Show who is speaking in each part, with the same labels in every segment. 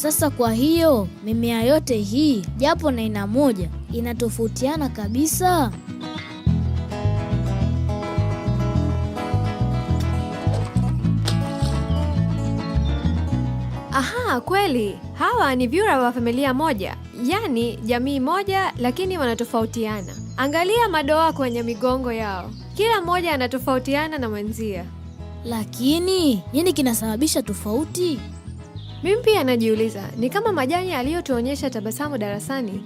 Speaker 1: Sasa kwa hiyo mimea yote hii japo na aina moja inatofautiana kabisa.
Speaker 2: Aha, kweli hawa ni vyura wa familia moja, yaani jamii moja, lakini wanatofautiana. Angalia madoa kwenye migongo yao, kila mmoja anatofautiana na mwenzia.
Speaker 1: Lakini nini kinasababisha tofauti?
Speaker 2: Mimi pia najiuliza, ni kama majani aliyotuonyesha tabasamu darasani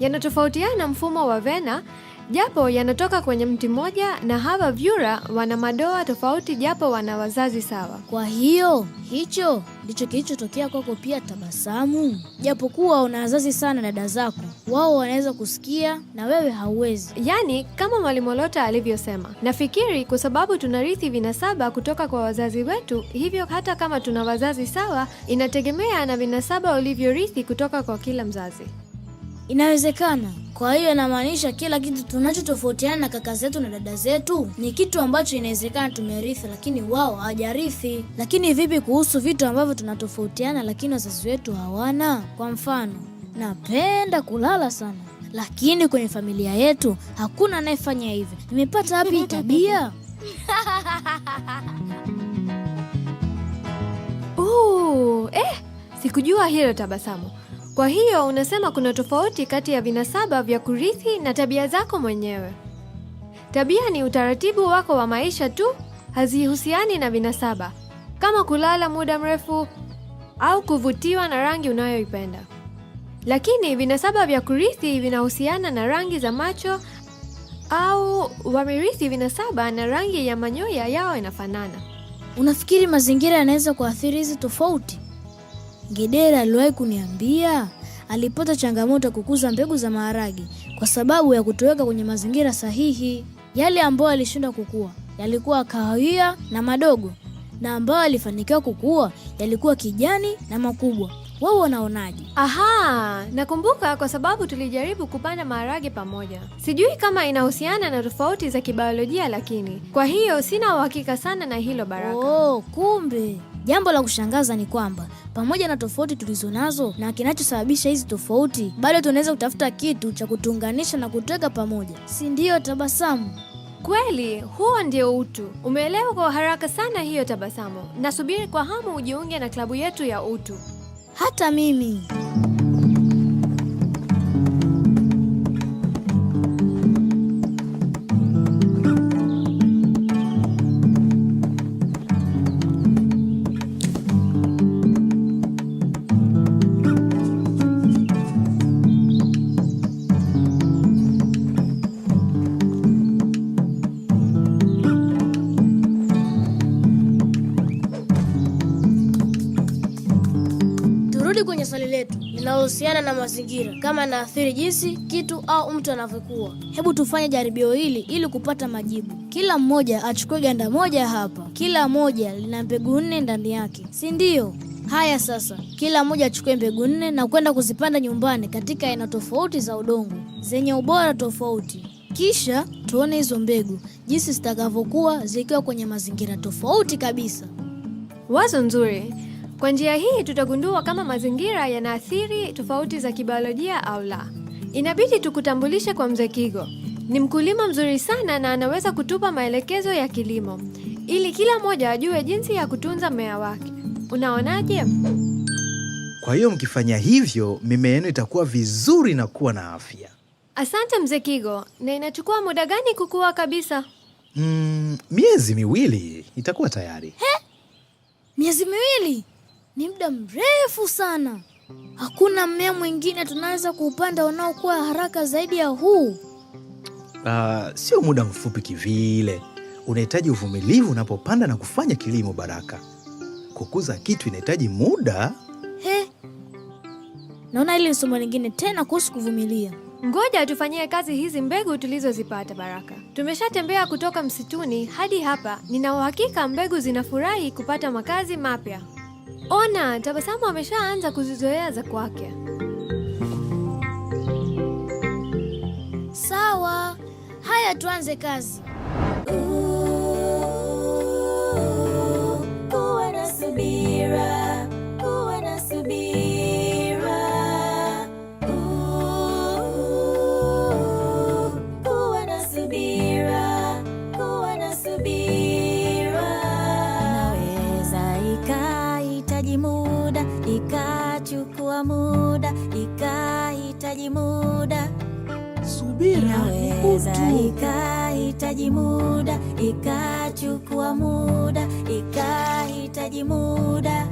Speaker 2: yanatofautiana na mfumo wa vena japo yanatoka kwenye mti mmoja, na hawa vyura wana madoa tofauti japo wana wazazi sawa.
Speaker 1: Kwa hiyo hicho ndicho kilichotokea kwako pia, Tabasamu. Japokuwa una wazazi sana dada zako, wao wanaweza kusikia na wewe hauwezi.
Speaker 2: Yaani kama Mwalimu Lota alivyosema, nafikiri kwa sababu tunarithi vinasaba kutoka kwa wazazi wetu, hivyo hata kama tuna wazazi sawa, inategemea na vinasaba ulivyorithi kutoka kwa kila mzazi.
Speaker 1: Inawezekana. Kwa hiyo inamaanisha kila kitu tunachotofautiana na kaka zetu na dada zetu ni kitu ambacho inawezekana tumerithi, lakini wao hawajarithi. Lakini vipi kuhusu vitu ambavyo tunatofautiana lakini wazazi wetu hawana? Kwa mfano, napenda kulala sana, lakini kwenye familia yetu hakuna anayefanya hivyo. Nimepata wapi tabia?
Speaker 2: Uh, eh, sikujua hilo tabasamu. Kwa hiyo unasema kuna tofauti kati ya vinasaba vya kurithi na tabia zako mwenyewe. Tabia ni utaratibu wako wa maisha tu, hazihusiani na vinasaba, kama kulala muda mrefu au kuvutiwa na rangi unayoipenda. Lakini vinasaba vya kurithi vinahusiana na rangi za macho au wamerithi vinasaba na rangi ya manyoya yao inafanana.
Speaker 1: Unafikiri mazingira yanaweza kuathiri hizi tofauti? Gedera aliwahi kuniambia alipata changamoto ya kukuza mbegu za maharage kwa sababu ya kutoweka kwenye mazingira sahihi. Yale ambayo alishindwa kukua yalikuwa kahawia na madogo, na ambayo alifanikiwa kukua yalikuwa kijani na makubwa. Wewe unaonaje?
Speaker 2: Aha, nakumbuka kwa sababu tulijaribu kupanda maharage pamoja. Sijui kama inahusiana na tofauti za kibiolojia, lakini kwa hiyo sina uhakika sana na hilo Baraka.
Speaker 1: Oh, kumbe Jambo la kushangaza ni kwamba pamoja na tofauti tulizo nazo na kinachosababisha hizi tofauti, bado tunaweza kutafuta kitu cha kutuunganisha na kutweka pamoja, si ndiyo? Tabasamu.
Speaker 2: Kweli, huo ndio utu. Umeelewa kwa haraka sana hiyo tabasamu. Nasubiri kwa hamu ujiunge na klabu yetu ya utu.
Speaker 1: Hata mimi. Turudi kwenye swali letu linalohusiana na mazingira kama naathiri jinsi kitu au mtu anavyokuwa. Hebu tufanye jaribio hili ili kupata majibu. Kila mmoja achukue ganda moja hapa. Kila moja lina mbegu nne ndani yake, si ndio? Haya sasa, kila mmoja achukue mbegu nne na kwenda kuzipanda nyumbani katika aina tofauti za udongo zenye ubora tofauti. Kisha tuone hizo mbegu jinsi zitakavyokuwa zikiwa kwenye mazingira tofauti kabisa.
Speaker 2: Wazo nzuri. Kwa njia hii tutagundua kama mazingira yanaathiri tofauti za kibiolojia au la. Inabidi tukutambulishe kwa Mzee Kigo. Ni mkulima mzuri sana na anaweza kutupa maelekezo ya kilimo ili kila mmoja ajue jinsi ya kutunza mmea wake. Unaonaje?
Speaker 3: Kwa hiyo mkifanya hivyo, mimea yenu itakuwa vizuri na kuwa na afya.
Speaker 2: Asante Mzee Kigo. Na inachukua muda gani kukua kabisa?
Speaker 3: Mm, miezi miwili itakuwa tayari.
Speaker 1: He? Miezi miwili? ni muda mrefu sana. Hakuna mmea mwingine tunaweza kuupanda unaokuwa haraka zaidi ya huu.
Speaker 3: Uh, sio muda mfupi kivile. Unahitaji uvumilivu unapopanda na kufanya kilimo, Baraka. Kukuza kitu inahitaji muda.
Speaker 1: He, naona hili ni somo lingine tena kuhusu kuvumilia.
Speaker 2: Ngoja tufanyie kazi hizi mbegu tulizozipata, Baraka. Tumeshatembea kutoka msituni hadi hapa, nina uhakika mbegu zinafurahi kupata makazi mapya. Ona tabasamu ameshaanza kuzizoea za kwake.
Speaker 1: Sawa, haya tuanze kazi.
Speaker 4: Ooh. ikahitaji muda,
Speaker 3: subira inaweza
Speaker 4: ikahitaji muda, ikachukua muda, ikahitaji muda